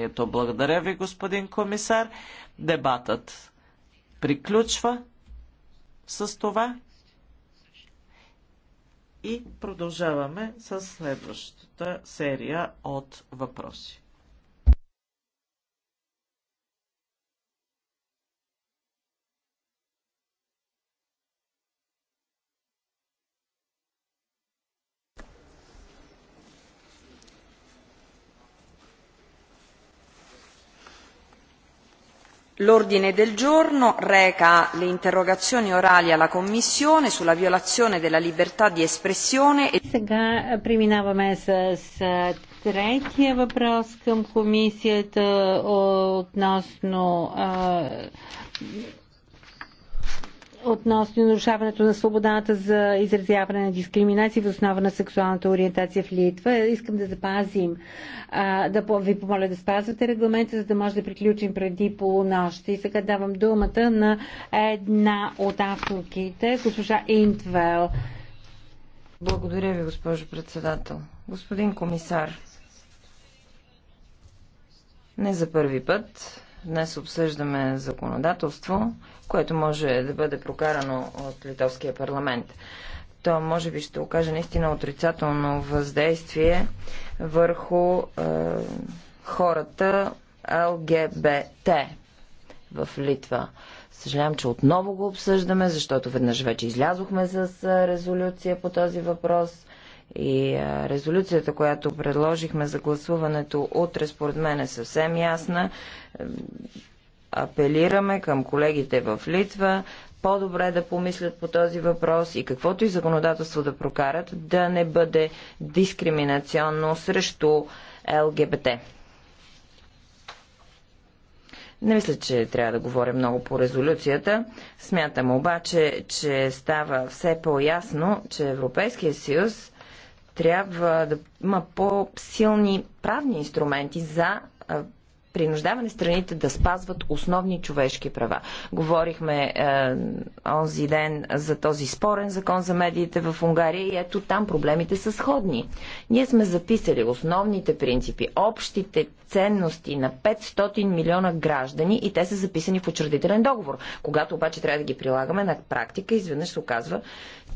заседанието. Благодаря ви, господин комисар. Дебатът приключва с това и продължаваме с следващата серия от въпроси. L'ordine del giorno reca le interrogazioni orali alla Commissione sulla violazione della libertà di espressione. E... Сега преминаваме с, третия въпрос към комисията относно относно нарушаването на свободата за изразяване на дискриминация в основа на сексуалната ориентация в Литва. Искам да запазим, а, да ви помоля да спазвате регламента, за да може да приключим преди полунощ. И сега давам думата на една от авторките, госпожа Интвел. Благодаря ви, госпожо председател. Господин комисар, не за първи път Днес обсъждаме законодателство, което може да бъде прокарано от Литовския парламент. То може би ще окаже наистина отрицателно въздействие върху е, хората ЛГБТ в Литва. Съжалявам, че отново го обсъждаме, защото веднъж вече излязохме с е, резолюция по този въпрос – и резолюцията, която предложихме за гласуването утре, според мен е съвсем ясна. Апелираме към колегите в Литва по-добре да помислят по този въпрос и каквото и законодателство да прокарат, да не бъде дискриминационно срещу ЛГБТ. Не мисля, че трябва да говоря много по резолюцията. Смятам обаче, че става все по-ясно, че Европейския съюз трябва да има по-силни правни инструменти за принуждаване страните да спазват основни човешки права. Говорихме е, онзи ден за този спорен закон за медиите в Унгария и ето там проблемите са сходни. Ние сме записали основните принципи, общите ценности на 500 милиона граждани и те са записани в учредителен договор. Когато обаче трябва да ги прилагаме на практика, изведнъж се оказва,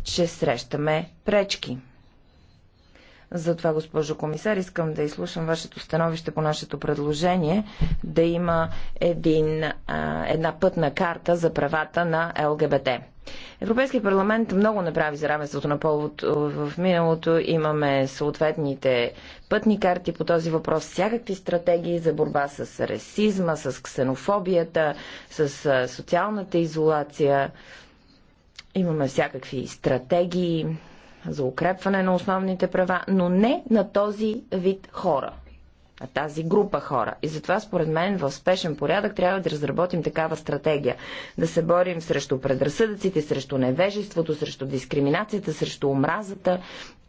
че срещаме пречки. Затова, госпожо комисар, искам да изслушам вашето становище по нашето предложение да има един, една пътна карта за правата на ЛГБТ. Европейски парламент много направи за равенството на повод в миналото. Имаме съответните пътни карти по този въпрос, всякакви стратегии за борба с расизма, с ксенофобията, с социалната изолация. Имаме всякакви стратегии за укрепване на основните права, но не на този вид хора, на тази група хора. И затова, според мен, в спешен порядък трябва да разработим такава стратегия. Да се борим срещу предразсъдъците, срещу невежеството, срещу дискриминацията, срещу омразата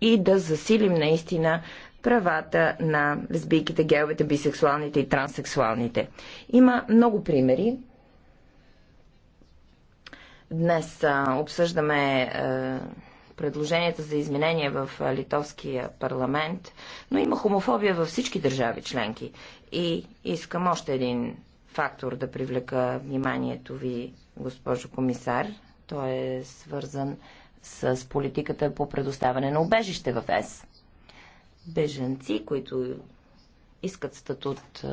и да засилим наистина правата на лесбийките, геовете, бисексуалните и транссексуалните. Има много примери. Днес а, обсъждаме а, предложенията за изменения в литовския парламент, но има хомофобия във всички държави членки. И искам още един фактор да привлека вниманието ви, госпожо комисар. Той е свързан с политиката по предоставяне на убежище в ЕС. Беженци, които искат статут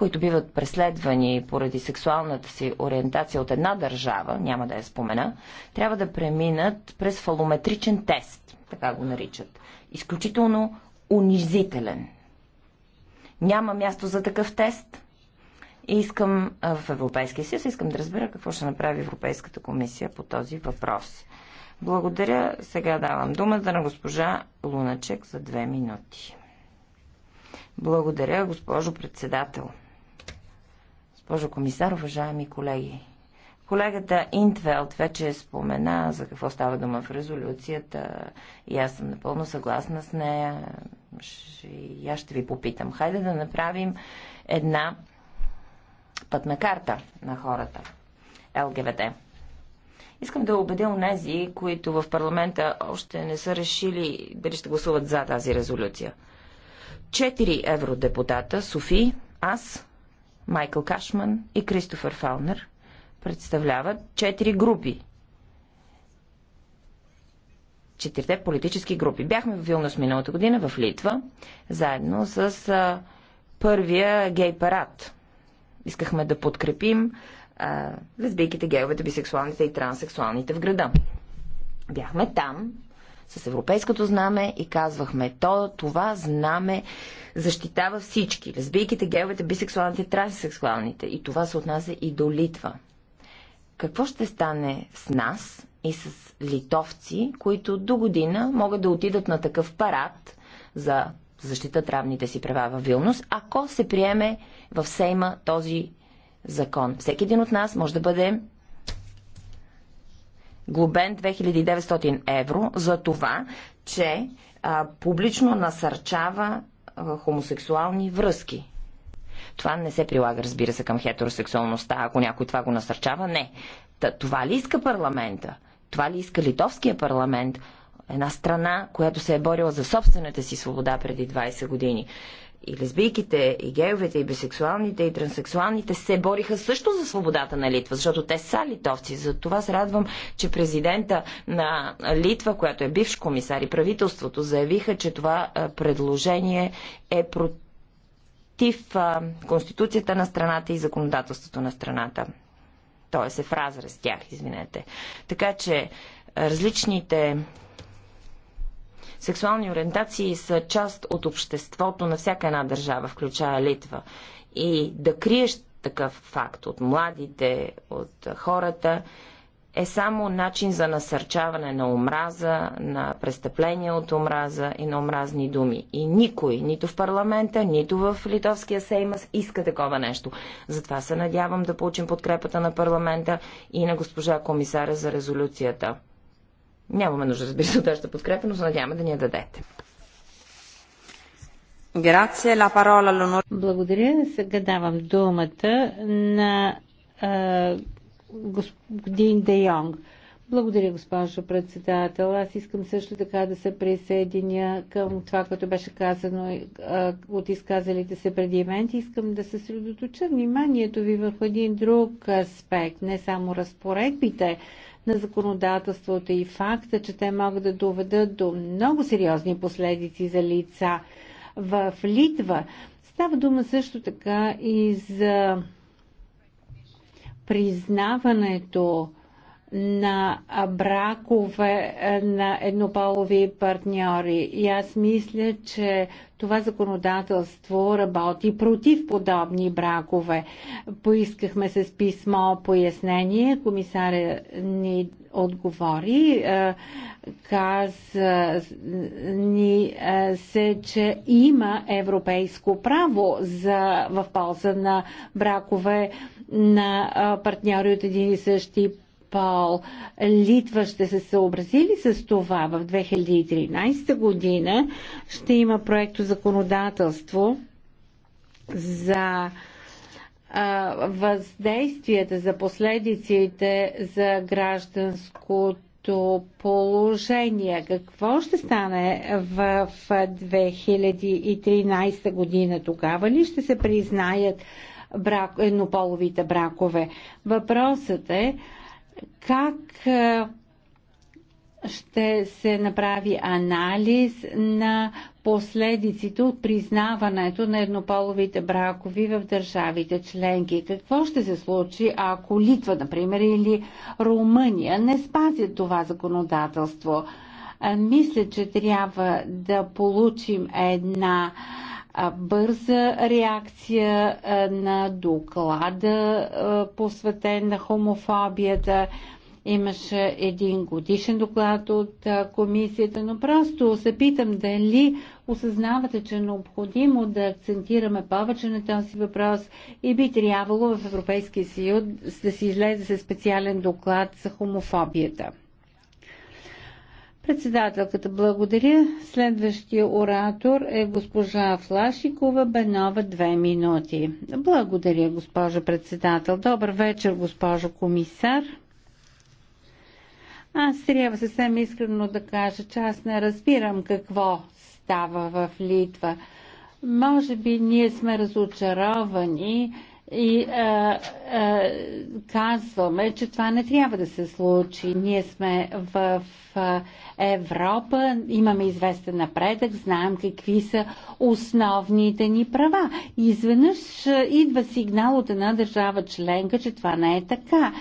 които биват преследвани поради сексуалната си ориентация от една държава, няма да я спомена, трябва да преминат през фалометричен тест, така го наричат. Изключително унизителен. Няма място за такъв тест. И искам в Европейския съюз, искам да разбера какво ще направи Европейската комисия по този въпрос. Благодаря. Сега давам думата на госпожа Луначек за две минути. Благодаря, госпожо председател. Госпожо комисар, уважаеми колеги, колегата Интвелт вече спомена за какво става дума в резолюцията и аз съм напълно съгласна с нея. И аз ще ви попитам. Хайде да направим една пътна карта на хората. ЛГВД. Искам да убедя унези, които в парламента още не са решили дали ще гласуват за тази резолюция. Четири евродепутата, Софи, аз Майкъл Кашман и Кристофър Фаунер представляват четири групи. Четирите политически групи. Бяхме в Вилнус миналата година в Литва, заедно с а, първия гей парад. Искахме да подкрепим лесбийките, геовете, бисексуалните и транссексуалните в града. Бяхме там с европейското знаме и казвахме, то, това знаме защитава всички. Лесбийките, геовете, бисексуалните, транссексуалните. И това се отнася и до Литва. Какво ще стане с нас и с литовци, които до година могат да отидат на такъв парад за защита равните си права в Вилнус, ако се приеме в Сейма този закон. Всеки един от нас може да бъде глобен 2900 евро за това, че а, публично насърчава а, хомосексуални връзки. Това не се прилага, разбира се, към хетеросексуалността, ако някой това го насърчава. Не. Та, това ли иска парламента? Това ли иска литовския парламент? Една страна, която се е борила за собствената си свобода преди 20 години и лесбийките, и геовете, и бисексуалните, и транссексуалните се бориха също за свободата на Литва, защото те са литовци. За това се радвам, че президента на Литва, която е бивш комисар и правителството, заявиха, че това предложение е против конституцията на страната и законодателството на страната. Тоест е в разрез с тях, извинете. Така че различните Сексуални ориентации са част от обществото на всяка една държава, включая Литва. И да криеш такъв факт от младите, от хората, е само начин за насърчаване на омраза, на престъпления от омраза и на омразни думи. И никой, нито в парламента, нито в Литовския сеймас иска такова нещо. Затова се надявам да получим подкрепата на парламента и на госпожа комисаря за резолюцията. Нямаме нужда, разбира се, от вашата подкрепа, но се надяваме да ни я дадете. Благодаря. Сега давам думата на а, господин Де Йонг. Благодаря, госпожо председател. Аз искам също така да се присъединя към това, което беше казано от изказалите се преди мен. Искам да съсредоточа вниманието ви върху един друг аспект, не само разпоредбите, на законодателството и факта, че те могат да доведат до много сериозни последици за лица в Литва. Става дума също така и за признаването на бракове е, на еднополови партньори. И аз мисля, че това законодателство работи против подобни бракове. Поискахме с писмо пояснение. Комисаря ни отговори. Е, каза ни е, се, че има европейско право за, в полза на бракове на партньори от един и същи Пол. Литва ще се съобразили с това в 2013 година. Ще има проекто законодателство за въздействията, за последиците за гражданското положение. Какво ще стане в 2013 година? Тогава ли ще се признаят брак, еднополовите бракове? Въпросът е как е, ще се направи анализ на последиците от признаването на еднополовите бракови в държавите членки. Какво ще се случи, ако Литва, например, или Румъния не спазят това законодателство? Е, мисля, че трябва да получим една бърза реакция на доклада, посветен на хомофобията. Имаше един годишен доклад от комисията, но просто се питам дали осъзнавате, че е необходимо да акцентираме повече на този въпрос и би трябвало в Европейския съюз да се излезе със специален доклад за хомофобията. Председателката благодаря. Следващия оратор е госпожа Флашикова Бенова, две минути. Благодаря, госпожа председател. Добър вечер, госпожо комисар. Аз трябва съвсем искрено да кажа, че аз не разбирам какво става в Литва. Може би ние сме разочаровани, и а, е, а, е, казваме, че това не трябва да се случи. Ние сме в а, е, Европа, имаме известен напредък, знаем какви са основните ни права. И изведнъж идва сигнал от една държава членка, че това не е така.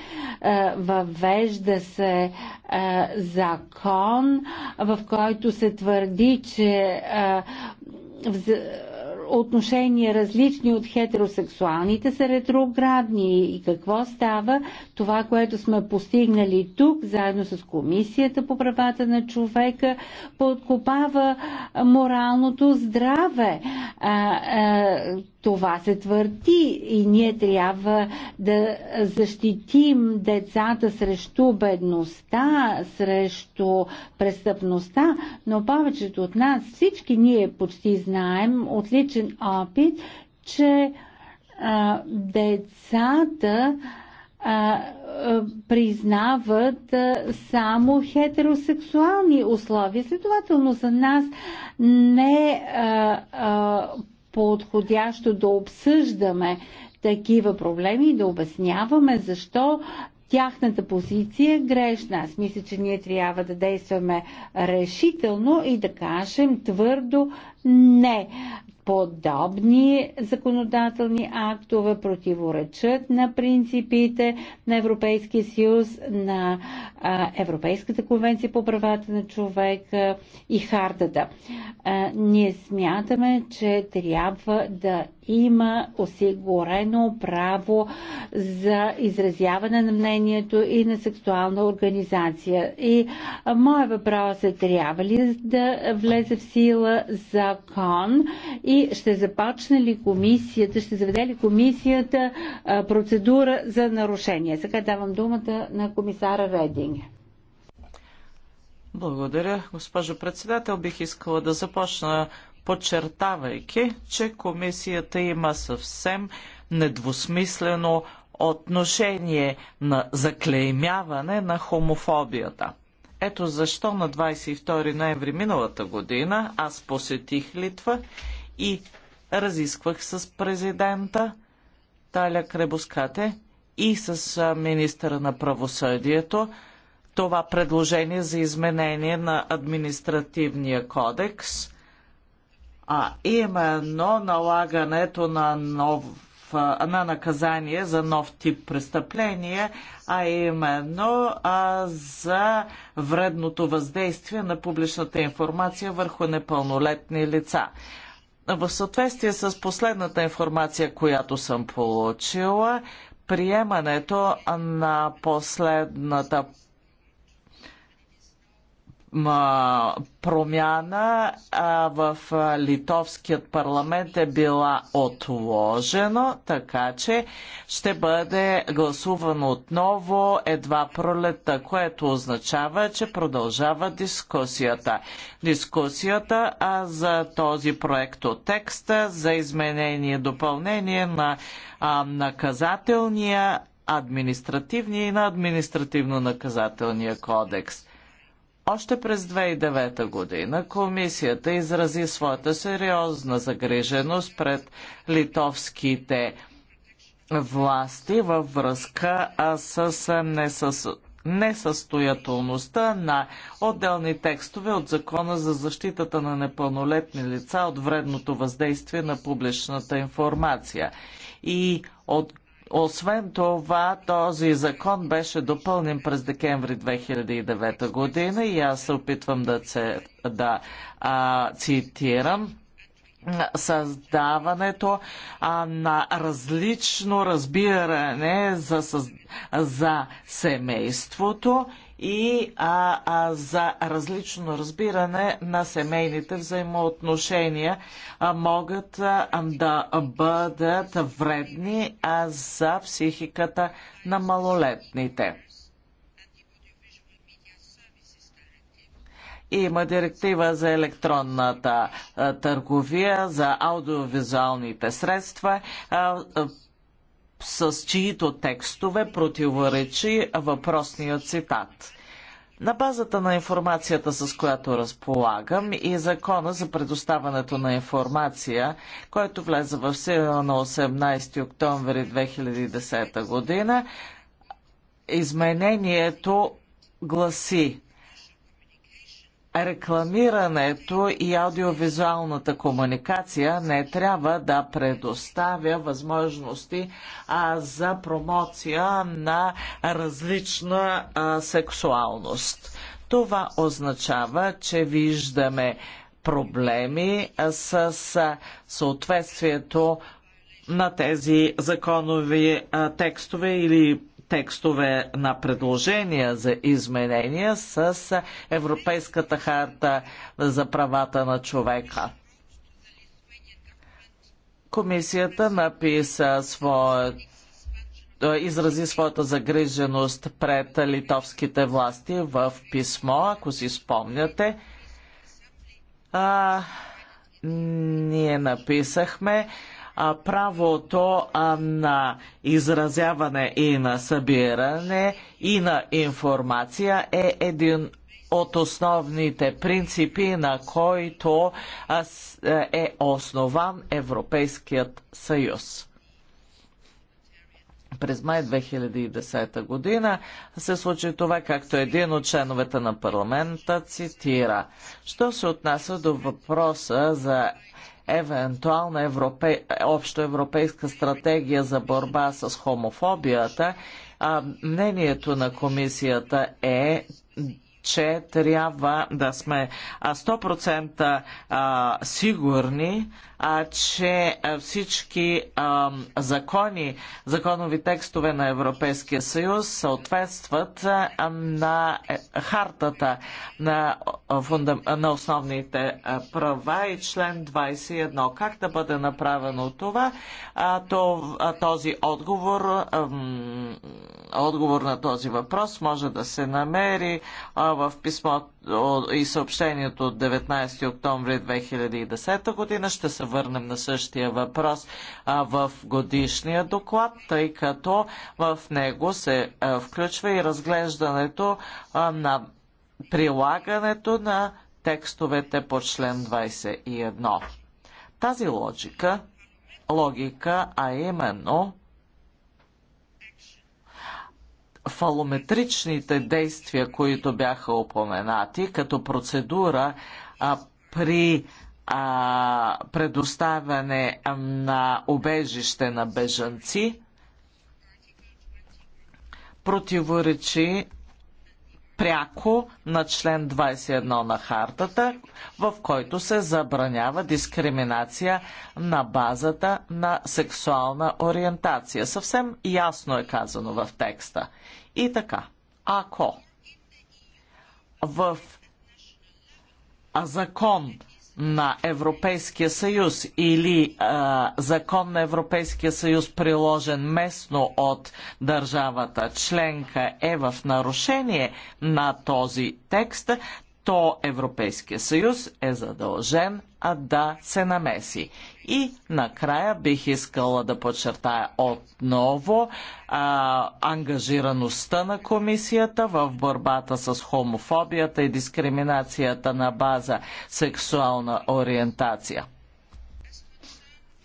А, въвежда се а, закон, в който се твърди, че а, отношения различни от хетеросексуалните са ретроградни и какво става това, което сме постигнали тук, заедно с Комисията по правата на човека, подкопава моралното здраве. А, а, това се твърди и ние трябва да защитим децата срещу бедността, срещу престъпността, но повечето от нас, всички ние почти знаем отлично личен опит, че а, децата а, признават само хетеросексуални условия. Следователно за нас не е подходящо да обсъждаме такива проблеми и да обясняваме защо тяхната позиция е грешна. Аз мисля, че ние трябва да действаме решително и да кажем твърдо не подобни законодателни актове противоречат на принципите на Европейския съюз, на Европейската конвенция по правата на човека и хартата. Ние смятаме, че трябва да има осигурено право за изразяване на мнението и на сексуална организация. И моя въпрос е, трябва ли да влезе в сила закон и ще започне ли комисията, ще заведе ли комисията процедура за нарушение? Сега давам думата на комисара Рединг. Благодаря, госпожо председател. Бих искала да започна подчертавайки, че комисията има съвсем недвусмислено отношение на заклеймяване на хомофобията. Ето защо на 22 ноември миналата година аз посетих Литва и разисквах с президента Таля Кребускате и с министъра на правосъдието това предложение за изменение на административния кодекс – а именно налагането на нов на наказание за нов тип престъпление, а именно а, за вредното въздействие на публичната информация върху непълнолетни лица. В съответствие с последната информация, която съм получила, приемането на последната промяна в литовският парламент е била отложено, така че ще бъде гласувано отново едва пролета, което означава, че продължава дискусията. Дискусията за този проект от текста за изменение и допълнение на наказателния административния и на административно-наказателния кодекс. Още през 2009 година комисията изрази своята сериозна загриженост пред литовските власти във връзка с несъстоятелността на отделни текстове от Закона за защитата на непълнолетни лица от вредното въздействие на публичната информация. И от освен това, този закон беше допълнен през декември 2009 година и аз се опитвам да, це, да а, цитирам създаването а, на различно разбиране за, за семейството и а, а, за различно разбиране на семейните взаимоотношения а, могат а, да бъдат вредни а, за психиката на малолетните. Има директива за електронната търговия, за аудиовизуалните средства с чието текстове противоречи въпросният цитат. На базата на информацията, с която разполагам и закона за предоставането на информация, който влезе в сила на 18 октомври 2010 година, изменението гласи рекламирането и аудиовизуалната комуникация не трябва да предоставя възможности а, за промоция на различна а, сексуалност. Това означава, че виждаме проблеми с съответствието на тези законови текстове или текстове на предложения за изменения с Европейската харта за правата на човека. Комисията написа своят е, изрази своята загриженост пред литовските власти в писмо, ако си спомняте. А, ние написахме, правото на изразяване и на събиране и на информация е един от основните принципи, на който е, е основан Европейският съюз. През май 2010 година се случи това, както един от членовете на парламента цитира. Що се отнася до въпроса за евентуална европе... общоевропейска стратегия за борба с хомофобията, а мнението на комисията е, че трябва да сме 100% сигурни, че всички закони, законови текстове на Европейския съюз съответстват на е, хартата на, на основните права и член 21. Как да бъде направено това? този отговор, отговор на този въпрос може да се намери в писмото и съобщението от 19 октомври 2010 година. Ще се върнем на същия въпрос в годишния доклад, тъй като в него се включва и разглеждането на прилагането на текстовете по член 21. Тази логика, логика, а именно фалометричните действия, които бяха упоменати като процедура а, при а, предоставяне на обежище на бежанци, противоречи пряко на член 21 на хартата, в който се забранява дискриминация на базата на сексуална ориентация. Съвсем ясно е казано в текста. И така, ако в закон на Европейския съюз или а, закон на Европейския съюз, приложен местно от държавата членка, е в нарушение на този текст, то Европейския съюз е задължен а да се намеси. И накрая бих искала да подчертая отново а, ангажираността на комисията в борбата с хомофобията и дискриминацията на база сексуална ориентация.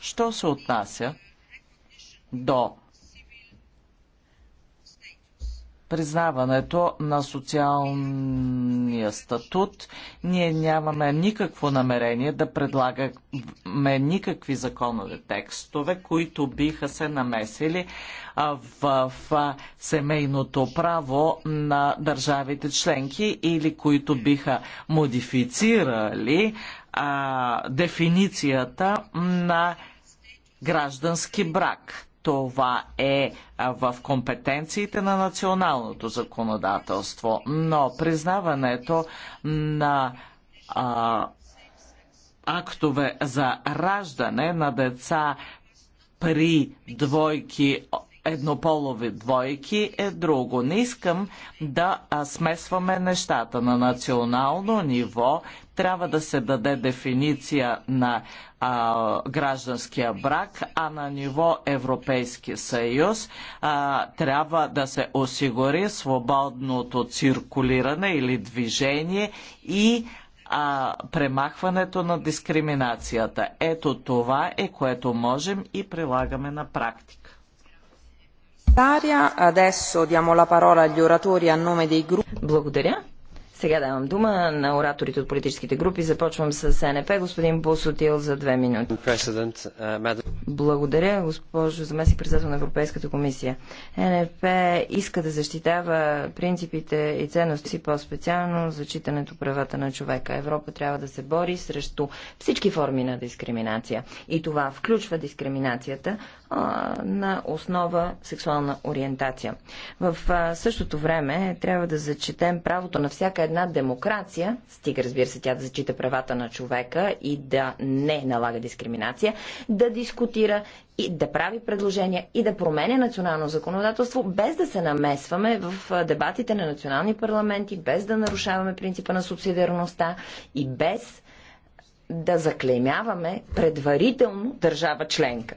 Що се отнася до признаването на социалния статут. Ние нямаме никакво намерение да предлагаме никакви законови текстове, които биха се намесили в, семейното право на държавите членки или които биха модифицирали дефиницията на граждански брак това е в компетенциите на националното законодателство, но признаването на а, актове за раждане на деца при двойки еднополови двойки е друго. Не искам да смесваме нещата. На национално ниво трябва да се даде дефиниция на а, гражданския брак, а на ниво Европейски съюз а, трябва да се осигури свободното циркулиране или движение и а, премахването на дискриминацията. Ето това е което можем и прилагаме на практика. Благодаря. Сега давам дума на ораторите от политическите групи. Започвам с СНП. Господин Бусотил за две минути. Uh, Благодаря, госпожо заместник председател на Европейската комисия. НФП иска да защитава принципите и ценности си по-специално зачитането правата на човека. Европа трябва да се бори срещу всички форми на дискриминация. И това включва дискриминацията а, на основа сексуална ориентация. В а, същото време трябва да зачетем правото на всяка една една демокрация, стига разбира се тя да зачита правата на човека и да не налага дискриминация, да дискутира и да прави предложения и да променя национално законодателство, без да се намесваме в дебатите на национални парламенти, без да нарушаваме принципа на субсидиарността и без да заклеймяваме предварително държава членка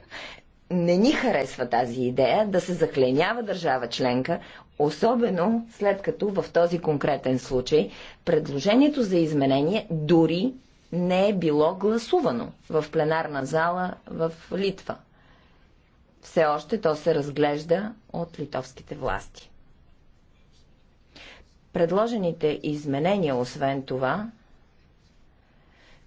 не ни харесва тази идея да се заклеймява държава членка Особено след като в този конкретен случай предложението за изменение дори не е било гласувано в пленарна зала в Литва. Все още то се разглежда от литовските власти. Предложените изменения, освен това,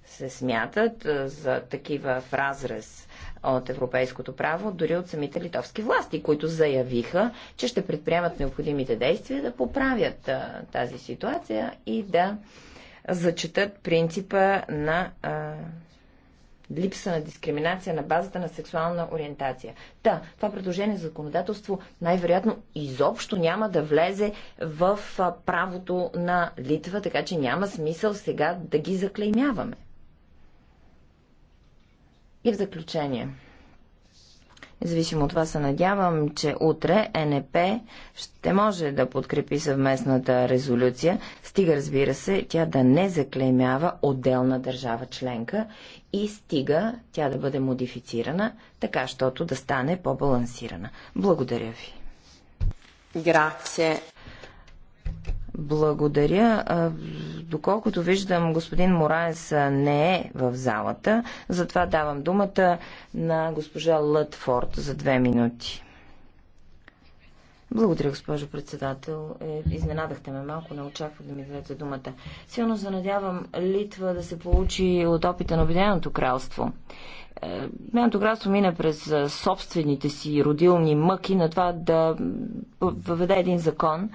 се смятат за такива в разрез от европейското право, дори от самите литовски власти, които заявиха, че ще предприемат необходимите действия да поправят а, тази ситуация и да зачитат принципа на а, липса на дискриминация на базата на сексуална ориентация. Та, това предложение за законодателство най-вероятно изобщо няма да влезе в правото на Литва, така че няма смисъл сега да ги заклеймяваме. И в заключение, независимо от това се надявам, че утре НП ще може да подкрепи съвместната резолюция, стига разбира се тя да не заклеймява отделна държава членка и стига тя да бъде модифицирана, така щото да стане по-балансирана. Благодаря ви. Грация. Благодаря. Доколкото виждам, господин Мораес не е в залата, затова давам думата на госпожа Лътфорд за две минути. Благодаря, госпожо председател. Е, изненадахте ме малко, не очаквах да ми дадете думата. Силно се надявам Литва да се получи от опита на Обединеното кралство. Е, Обединеното кралство мина през е, собствените си родилни мъки на това да въведе един закон,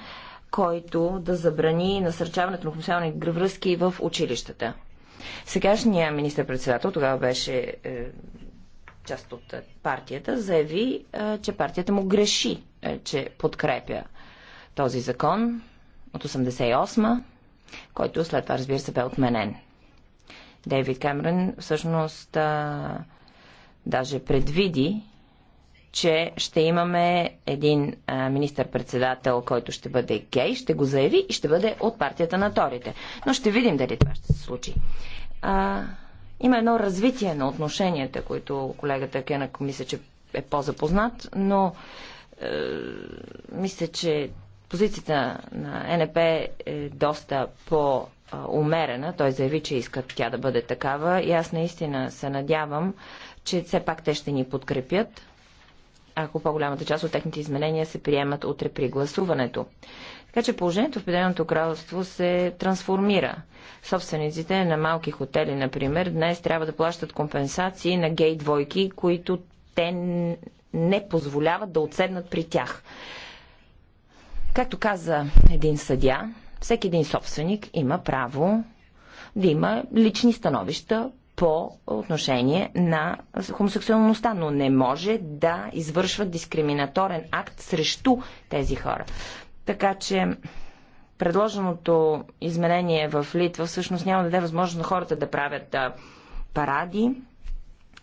който да забрани насърчаването на хомосексуални връзки в училищата. Сегашният министр-председател, тогава беше е, част от е, партията, заяви, е, че партията му греши, е, че подкрепя този закон от 88 ма който след това, разбира се, бе отменен. Дейвид Камерън всъщност а, е, даже предвиди че ще имаме един министър-председател, който ще бъде гей, ще го заяви и ще бъде от партията на торите. Но ще видим дали това ще се случи. А, има едно развитие на отношенията, които колегата Кенък мисля, че е по-запознат, но е, мисля, че позицията на НП е доста по- умерена. Той заяви, че иска тя да бъде такава и аз наистина се надявам, че все пак те ще ни подкрепят ако по-голямата част от техните изменения се приемат утре при гласуването. Така че положението в Обединеното кралство се трансформира. Собствениците на малки хотели, например, днес трябва да плащат компенсации на гей двойки, които те не позволяват да отседнат при тях. Както каза един съдя, всеки един собственик има право да има лични становища по отношение на хомосексуалността, но не може да извършва дискриминаторен акт срещу тези хора. Така че предложеното изменение в Литва всъщност няма да даде възможност на хората да правят паради,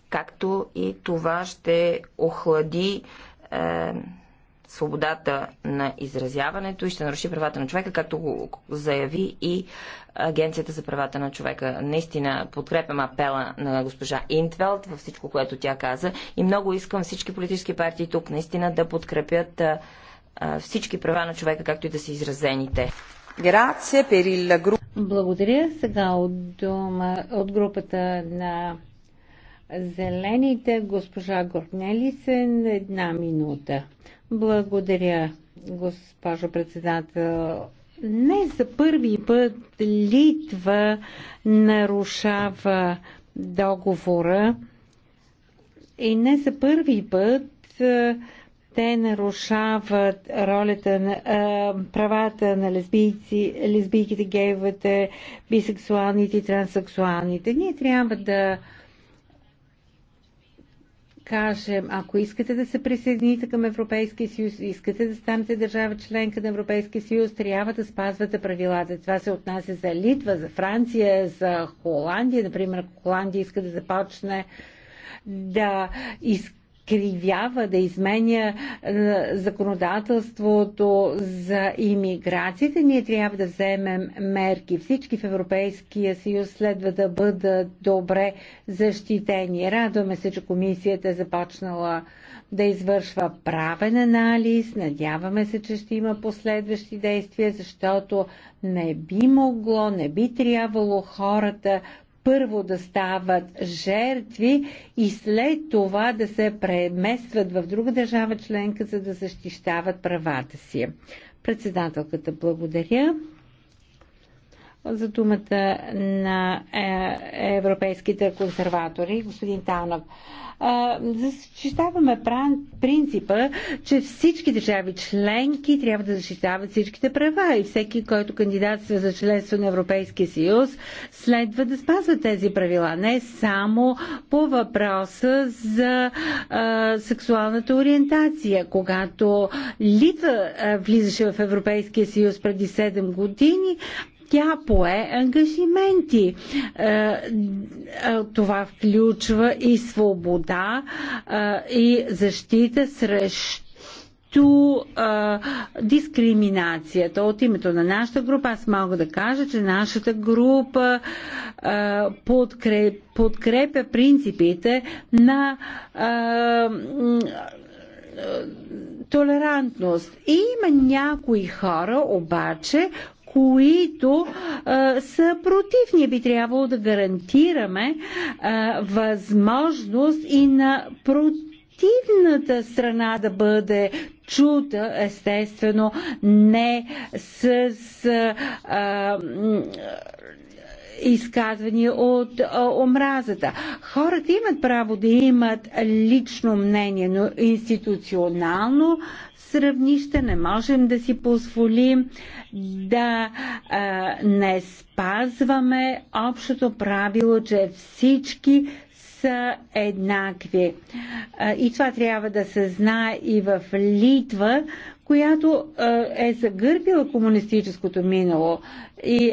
както и това ще охлади е, свободата на изразяването и ще наруши правата на човека, както го заяви и Агенцията за правата на човека. Наистина подкрепям апела на госпожа Интвелд във всичко, което тя каза и много искам всички политически партии тук наистина да подкрепят всички права на човека, както и да са изразените. Благодаря. Сега от, дума, от групата на зелените госпожа Горнелисен една минута. Благодаря, госпожо председател. Не за първи път Литва нарушава договора и не за първи път е, те нарушават ролята на а, е, правата на лесбийци, лесбийките, гейвете, бисексуалните и транссексуалните. Ние трябва да кажем, ако искате да се присъедините към Европейския съюз, искате да станете държава членка на Европейския съюз, трябва да спазвате правилата. Това се отнася за Литва, за Франция, за Холандия. Например, ако Холандия иска да започне да иска изкривява, да изменя е, законодателството за иммиграцията, ние трябва да вземем мерки. Всички в Европейския съюз следва да бъдат добре защитени. Радваме се, че комисията е започнала да извършва правен анализ. Надяваме се, че ще има последващи действия, защото не би могло, не би трябвало хората, първо да стават жертви и след това да се преместват в друга държава членка, за да защищават правата си. Председателката благодаря за думата на е, европейските консерватори, господин Танов. Защитаваме принципа, че всички държави членки трябва да защитават всичките права и всеки, който кандидатства за членство на Европейския съюз, следва да спазва тези правила. Не само по въпроса за а, сексуалната ориентация. Когато Литва влизаше в Европейския съюз преди 7 години, тя пое ангажименти. Е, е, това включва и свобода, е, и защита срещу дискриминацията. От името на нашата група аз мога да кажа, че нашата група а, подкреп, подкрепя принципите на а, толерантност. И има някои хора обаче, които а, са против. Ние би трябвало да гарантираме а, възможност и на противната страна да бъде чута, естествено, не с. А, изказвания от а, омразата. Хората имат право да имат лично мнение, но институционално равнище, не можем да си позволим да а, не спазваме общото правило, че всички са еднакви. И това трябва да се знае и в Литва, която е загърбила комунистическото минало. И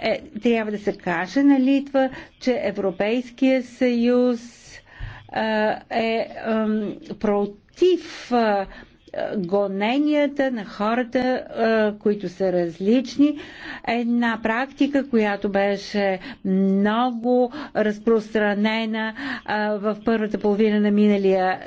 е, трябва да се каже на Литва, че Европейския съюз е, е против гоненията на хората, които са различни. Една практика, която беше много разпространена в първата половина на миналия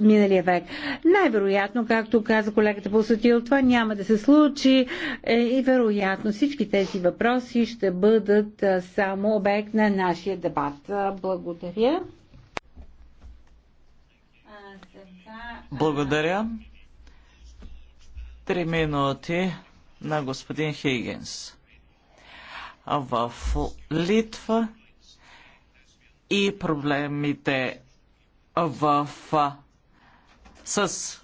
миналия век. Най-вероятно, както каза колегата посатил, това няма да се случи е, и вероятно всички тези въпроси ще бъдат само обект на нашия дебат. Благодаря. Благодаря. Три минути на господин Хигинс. В Литва и проблемите в с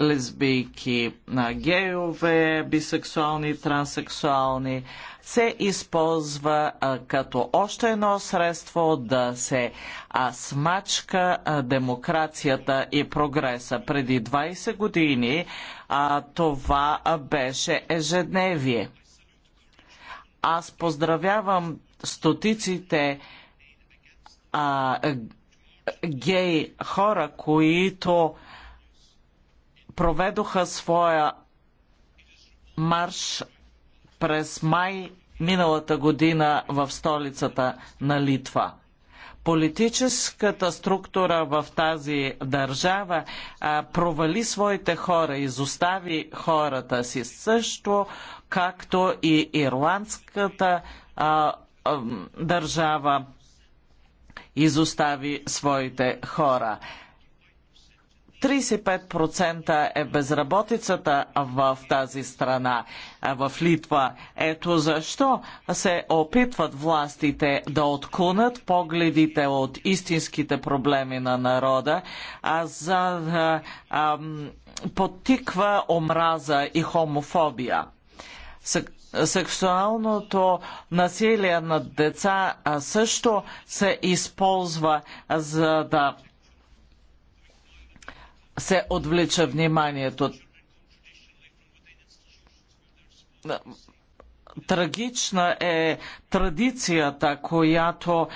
лесбийки, геове, бисексуални, транссексуални се използва а, като още едно средство да се а, смачка а, демокрацията и прогреса. Преди 20 години а, това а, беше ежедневие. Аз поздравявам стотиците а, гей хора, които проведоха своя марш през май миналата година в столицата на Литва. Политическата структура в тази държава а, провали своите хора, изостави хората си също, както и ирландската а, а, държава изостави своите хора. 35% е безработицата в тази страна, в Литва. Ето защо се опитват властите да отклонят погледите от истинските проблеми на народа, а за да ам, подтиква омраза и хомофобия сексуалното насилие над деца също се използва за да се отвлича вниманието. Трагична е традицията, която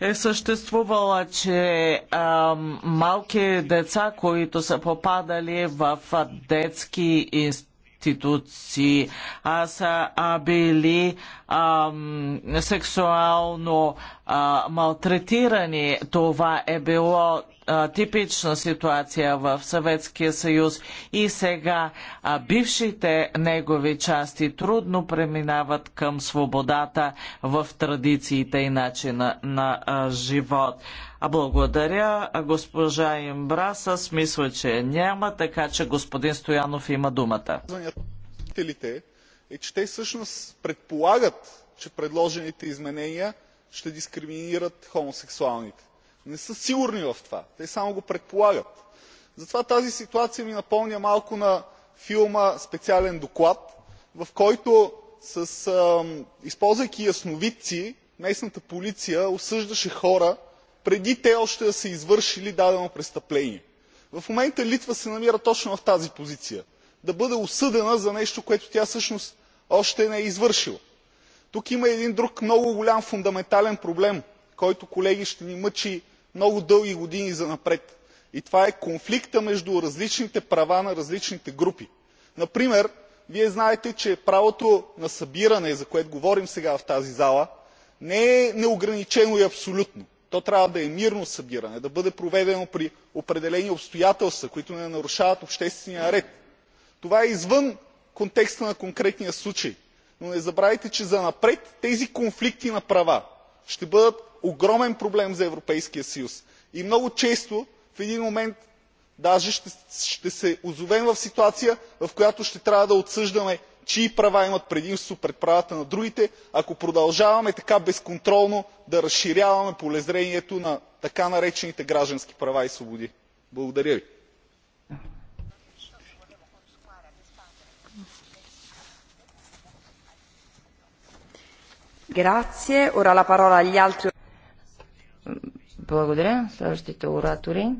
е съществувала, че а, малки деца, които са попадали в детски институции, а са а били а, сексуално а, малтретирани. Това е било типична ситуация в Съветския съюз и сега а бившите негови части трудно преминават към свободата в традициите и начина на а, живот. А благодаря госпожа Имбраса. Мисля, че няма, така че господин Стоянов има думата. Е, че те всъщност предполагат, че предложените изменения ще дискриминират хомосексуалните не са сигурни в това те само го предполагат. затова тази ситуация ми напомня малко на филма специален доклад в който използвайки ясновидци местната полиция осъждаше хора преди те още да са извършили дадено престъпление. в момента литва се намира точно в тази позиция да бъде осъдена за нещо което тя всъщност още не е извършила. тук има един друг много голям фундаментален проблем който колеги ще ни мъчи много дълги години занапред и това е конфликтът между различните права на различните групи. например вие знаете че правото на събиране за което говорим сега в тази зала не е неограничено и абсолютно. то трябва да е мирно събиране да бъде проведено при определени обстоятелства които не нарушават обществения ред. това е извън контекста на конкретния случай но не забравяйте че занапред тези конфликти на права ще бъдат огромен проблем за европейския съюз и много често в един момент даже ще се озовем в ситуация в която ще трябва да отсъждаме, чии права имат предимство пред правата на другите ако продължаваме така безконтролно да разширяваме полезрението на така наречените граждански права и свободи. благодаря ви. Благодаря. Следващите оратори.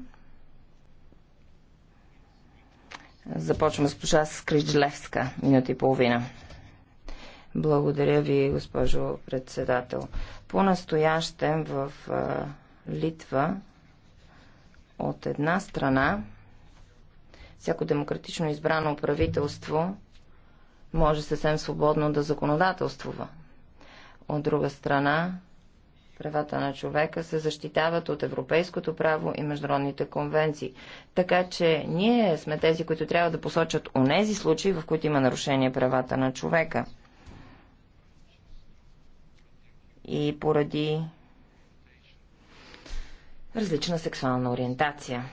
Започваме с госпожа Скриджлевска. Минута и половина. Благодаря ви, госпожо председател. По-настоящем в Литва от една страна всяко демократично избрано правителство може съвсем свободно да законодателствува. От друга страна, правата на човека се защитават от европейското право и международните конвенции. Така че ние сме тези, които трябва да посочат онези случаи, в които има нарушение правата на човека. И поради различна сексуална ориентация.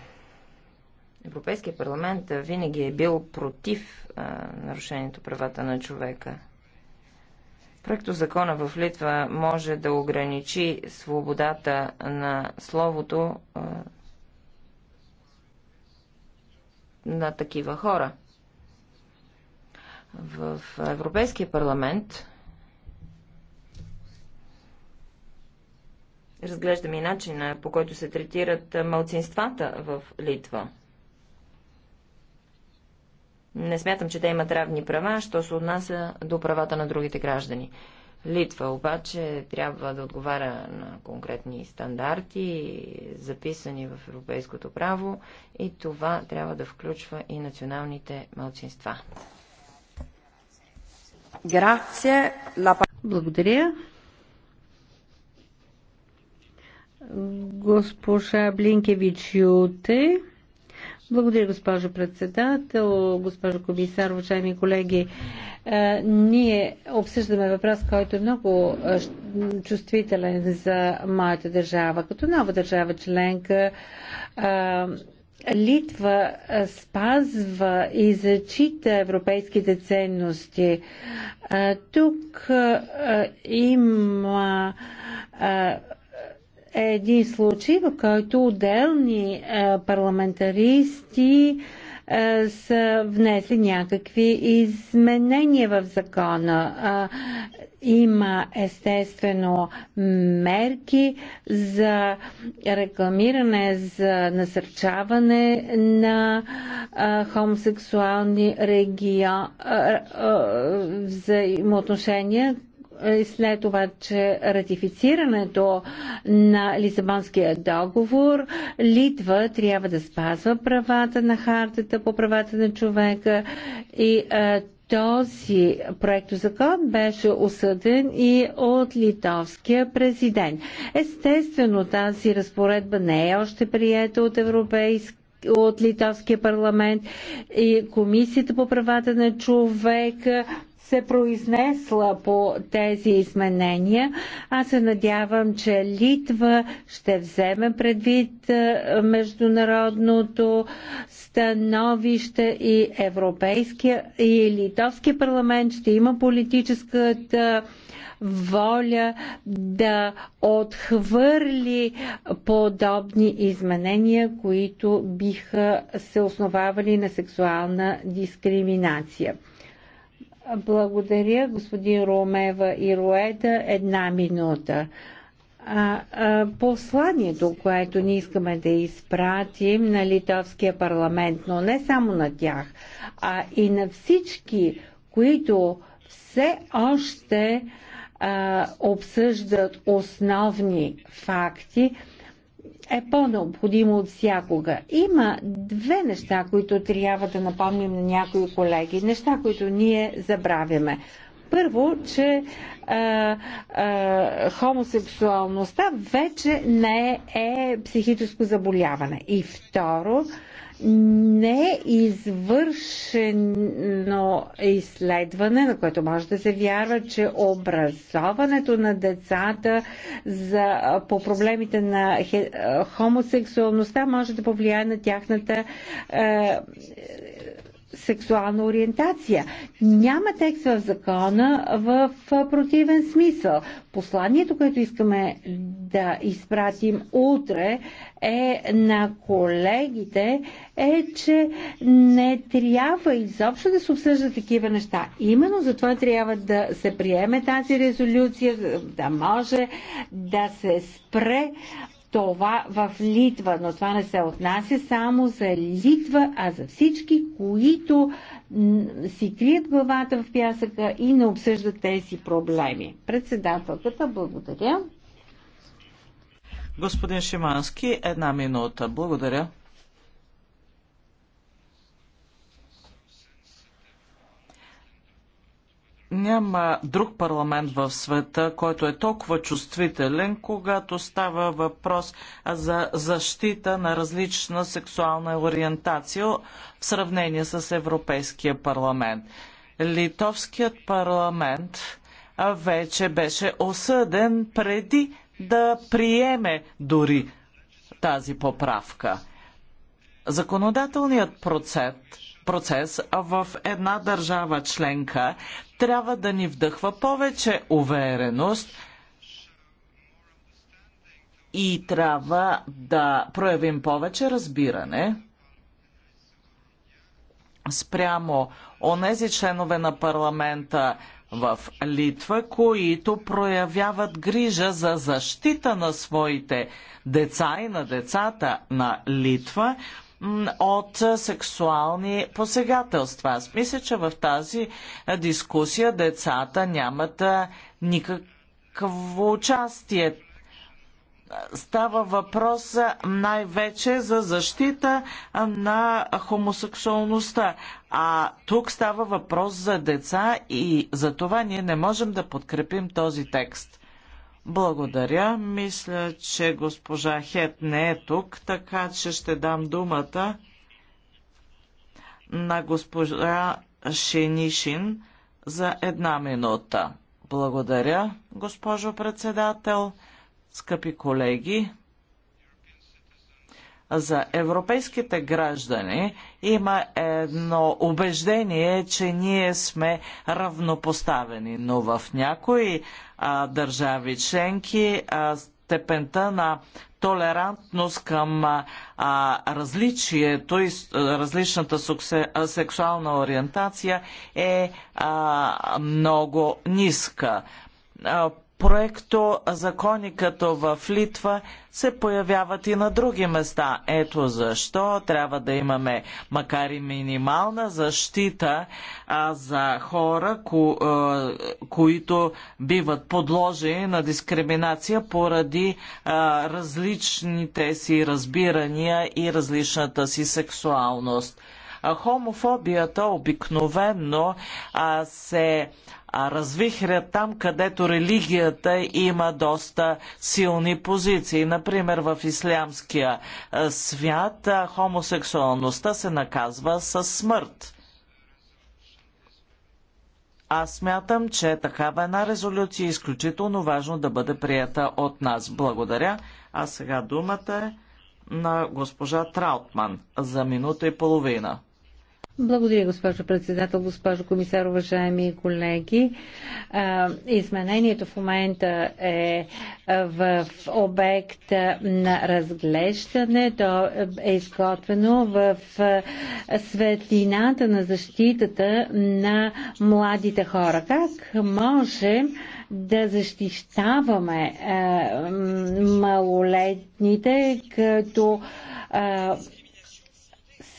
Европейския парламент винаги е бил против а, нарушението правата на човека. Проекто закона в Литва може да ограничи свободата на словото на такива хора. В Европейския парламент разглеждаме и начина по който се третират малцинствата в Литва – не смятам, че те имат равни права, що се отнася до правата на другите граждани. Литва обаче трябва да отговаря на конкретни стандарти, записани в европейското право и това трябва да включва и националните мълчинства. Благодаря. Госпожа Блинкевич Юте благодаря, госпожо председател, госпожо комисар, уважаеми колеги. Е, ние обсъждаме въпрос, който е много е, чувствителен за моята държава. Като нова държава членка, е, Литва спазва и зачита европейските ценности. Тук има е един случай, в който отделни е, парламентаристи е, са внесли някакви изменения в закона. Е, има естествено мерки за рекламиране, за насърчаване на хомосексуални регион, взаимоотношения, и след това, че ратифицирането на Лисабонския договор, Литва трябва да спазва правата на хартата по правата на човека и този проект закон беше осъден и от литовския президент. Естествено, тази разпоредба не е още приета от европейски от Литовския парламент и Комисията по правата на човека се произнесла по тези изменения. Аз се надявам, че Литва ще вземе предвид е, международното становище и Европейския и Литовски парламент ще има политическата воля да отхвърли подобни изменения, които биха се основавали на сексуална дискриминация. Благодаря, господин Ромева и Роеда. Една минута. А, а, посланието, което ние искаме да изпратим на Литовския парламент, но не само на тях, а и на всички, които все още а, обсъждат основни факти, е по-необходимо от всякога. Има две неща, които трябва да напомним на някои колеги, неща, които ние забравяме. Първо, че а, е, а, е, хомосексуалността вече не е психическо заболяване. И второ, а, не е извършено изследване, на което може да се вярва, че образоването на децата за, по проблемите на хомосексуалността може да повлияе на тяхната е, сексуална ориентация. Няма текст в закона в противен смисъл. Посланието, което искаме да изпратим утре е на колегите, е, че не трябва изобщо да се обсъждат такива неща. Именно затова трябва да се приеме тази резолюция, да може да се спре това в Литва, но това не се отнася само за Литва, а за всички, които си крият главата в пясъка и не обсъждат тези проблеми. Председателката, благодаря. Господин Шимански, една минута. Благодаря. Няма друг парламент в света, който е толкова чувствителен, когато става въпрос за защита на различна сексуална ориентация в сравнение с Европейския парламент. Литовският парламент вече беше осъден преди да приеме дори тази поправка. Законодателният процент процес в една държава членка трябва да ни вдъхва повече увереност и трябва да проявим повече разбиране спрямо онези членове на парламента в Литва, които проявяват грижа за защита на своите деца и на децата на Литва – от сексуални посегателства. Аз мисля, че в тази дискусия децата нямат никакво участие. Става въпрос най-вече за защита на хомосексуалността. А тук става въпрос за деца и за това ние не можем да подкрепим този текст. Благодаря. Мисля, че госпожа Хет не е тук, така че ще дам думата на госпожа Шенишин за една минута. Благодаря, госпожо председател, скъпи колеги за европейските граждани има едно убеждение, че ние сме равнопоставени, но в някои а, държави членки а, степента на толерантност към а, различието и различната сексуална ориентация е а, много ниска проекто закони като в Литва се появяват и на други места. Ето защо трябва да имаме, макар и минимална защита а, за хора, ко, а, които биват подложени на дискриминация поради а, различните си разбирания и различната си сексуалност. Хомофобията обикновенно се развихря там, където религията има доста силни позиции. Например, в ислямския свят хомосексуалността се наказва със смърт. Аз смятам, че такава една резолюция е изключително важно да бъде прията от нас. Благодаря. А сега думата е на госпожа Траутман за минута и половина. Благодаря, госпожо председател, госпожо комисар, уважаеми колеги. Изменението в момента е в обект на разглеждане. То е изготвено в светлината на защитата на младите хора. Как можем да защищаваме малолетните като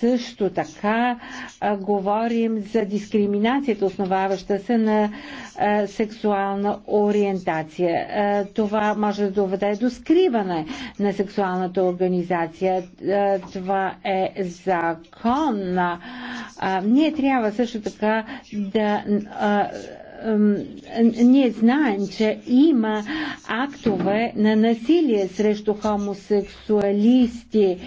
също така а, говорим за дискриминацията, основаваща се на а, сексуална ориентация. А, това може да доведе до скриване на сексуалната организация. А, това е закон. А, ние трябва също така да. А, ние знаем, че има актове на насилие срещу хомосексуалисти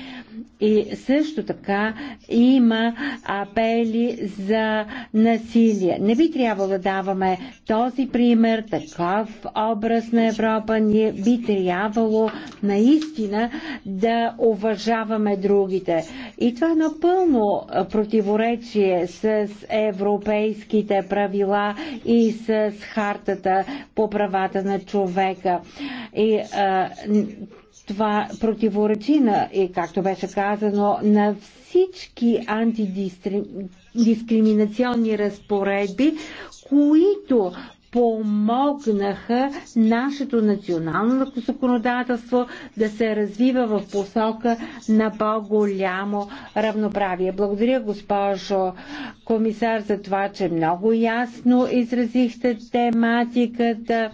и също така има апели за насилие. Не би трябвало да даваме този пример, такъв образ на Европа. Ние би трябвало наистина да уважаваме другите. И това е напълно противоречие с европейските правила и с хартата по правата на човека. И а, това противоречи на, и е, както беше казано, на всички антидискриминационни разпоредби, които помогнаха нашето национално законодателство да се развива в посока на по-голямо равноправие. Благодаря, госпожо комисар, за това, че много ясно изразихте тематиката.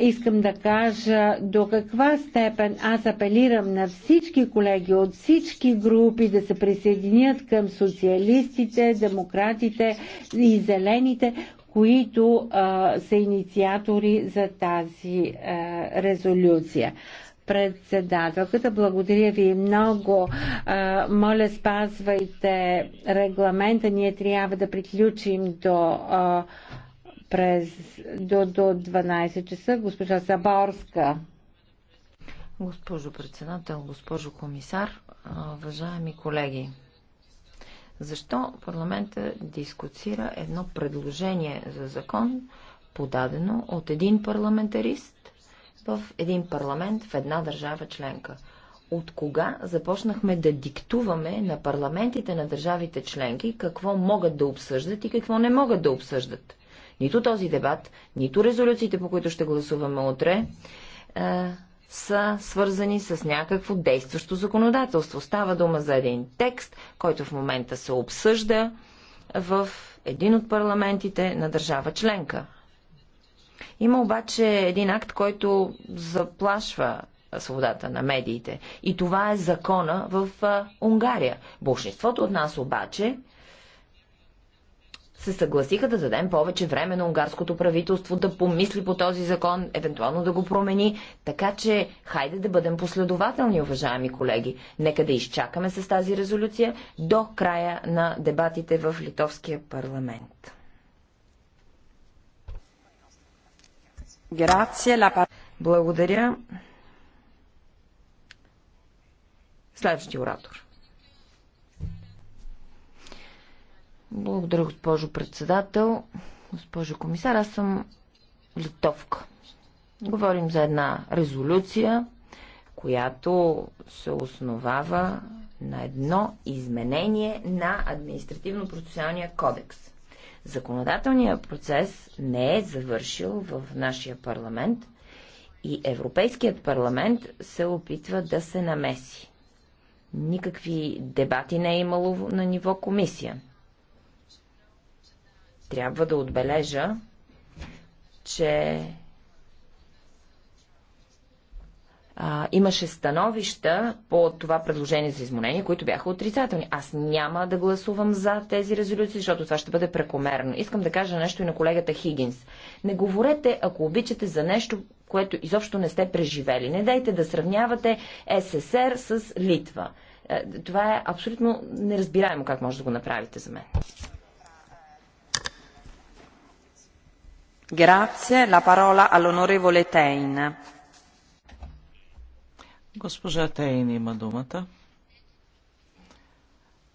Искам да кажа до каква степен аз апелирам на всички колеги от всички групи да се присъединят към социалистите, демократите и зелените, които а, са инициатори за тази а, резолюция председателката. Благодаря ви много. А, моля, спазвайте регламента. Ние трябва да приключим до, а, през, до, до 12 часа. Госпожа Саборска. Госпожо председател, госпожо комисар, уважаеми колеги, защо парламента дискуцира едно предложение за закон, подадено от един парламентарист в един парламент в една държава членка? От кога започнахме да диктуваме на парламентите на държавите членки какво могат да обсъждат и какво не могат да обсъждат? Нито този дебат, нито резолюциите, по които ще гласуваме утре, е, са свързани с някакво действащо законодателство. Става дума за един текст, който в момента се обсъжда в един от парламентите на държава членка. Има обаче един акт, който заплашва свободата на медиите. И това е закона в Унгария. Большинството от нас обаче се съгласиха да дадем повече време на унгарското правителство да помисли по този закон, евентуално да го промени. Така че, хайде да бъдем последователни, уважаеми колеги. Нека да изчакаме с тази резолюция до края на дебатите в Литовския парламент. Благодаря. Следващия оратор. Благодаря, госпожо председател. Госпожо комисар, аз съм литовка. Говорим за една резолюция, която се основава на едно изменение на административно-процесуалния кодекс. Законодателният процес не е завършил в нашия парламент и Европейският парламент се опитва да се намеси. Никакви дебати не е имало на ниво комисия. Трябва да отбележа, че а, имаше становища по това предложение за изменение, които бяха отрицателни. Аз няма да гласувам за тези резолюции, защото това ще бъде прекомерно. Искам да кажа нещо и на колегата Хигинс. Не говорете, ако обичате, за нещо, което изобщо не сте преживели. Не дайте да сравнявате СССР с Литва. Е, това е абсолютно неразбираемо как може да го направите за мен. Тейн. Госпожа Тейн има думата.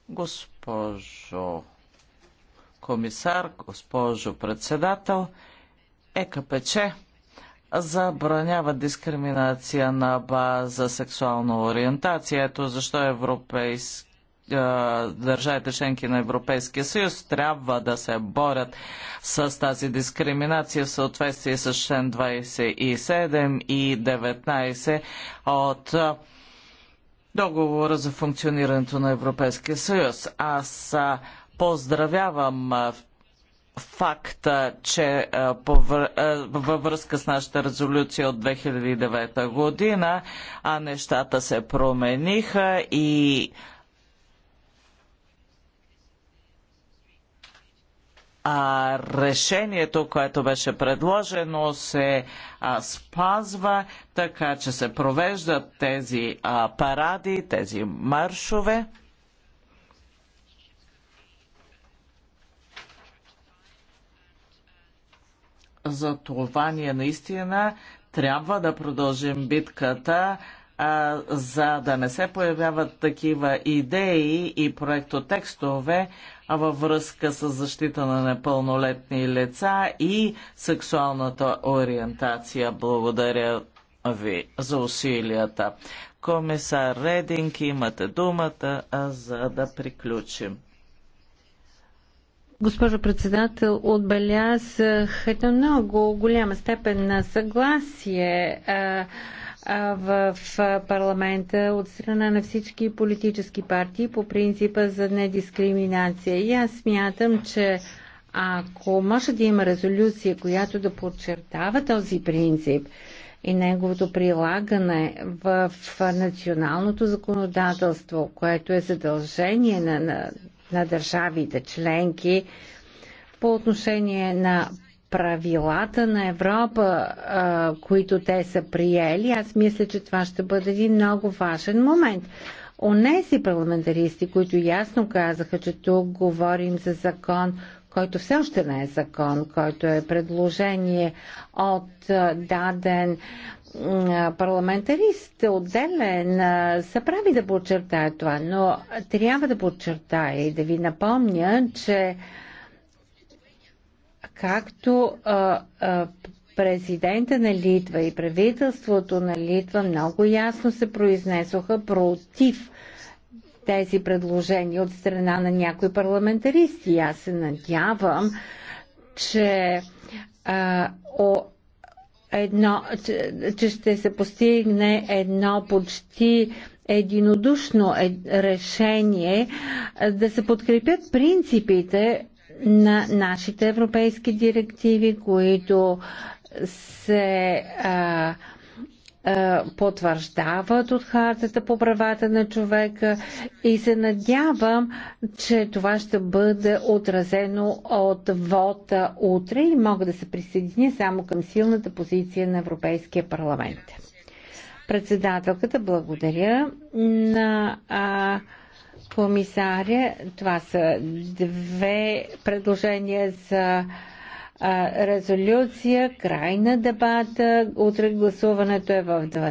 Госпожо комисар, госпожо председател, ЕКПЧ забранява дискриминация на база сексуална ориентация. Ето защо Европейски е, държавите членки на Европейския съюз трябва да се борят с тази дискриминация в съответствие с член 27 и 19 от е, договора за функционирането на Европейския съюз. Аз е, поздравявам факта, че във връзка с нашата резолюция от 2009 година, а нещата се промениха и а, решението, което беше предложено, се а, спазва, така че се провеждат тези а, паради, тези маршове. За това ние наистина трябва да продължим битката а, за да не се появяват такива идеи и проектотекстове, във връзка с защита на непълнолетни лица и сексуалната ориентация. Благодаря ви за усилията. Комисар Рединг, имате думата, за да приключим. Госпожо председател, отбелязах много голяма степен на съгласие. А, в парламента от страна на всички политически партии по принципа за недискриминация. И аз смятам, че ако може да има резолюция, която да подчертава този принцип и неговото прилагане в националното законодателство, което е задължение на, на, на държавите членки по отношение на правилата на Европа, които те са приели, аз мисля, че това ще бъде един много важен момент. Онези парламентаристи, които ясно казаха, че тук говорим за закон, който все още не е закон, който е предложение от даден парламентарист, отделен, се прави да подчертая това, но трябва да подчертая и да ви напомня, че както а, а, президента на Литва и правителството на Литва много ясно се произнесоха против тези предложения от страна на някои парламентаристи. Аз се надявам, че а, о, едно, че, че ще се постигне едно почти единодушно е, решение да се подкрепят принципите, на нашите европейски директиви, които се а, а, потвърждават от хартата по правата на човека и се надявам, че това ще бъде отразено от вода утре и мога да се присъединя само към силната позиция на Европейския парламент. Председателката благодаря на а, комисаря. Това са две предложения за резолюция, край на дебата. Утре гласуването е в 12.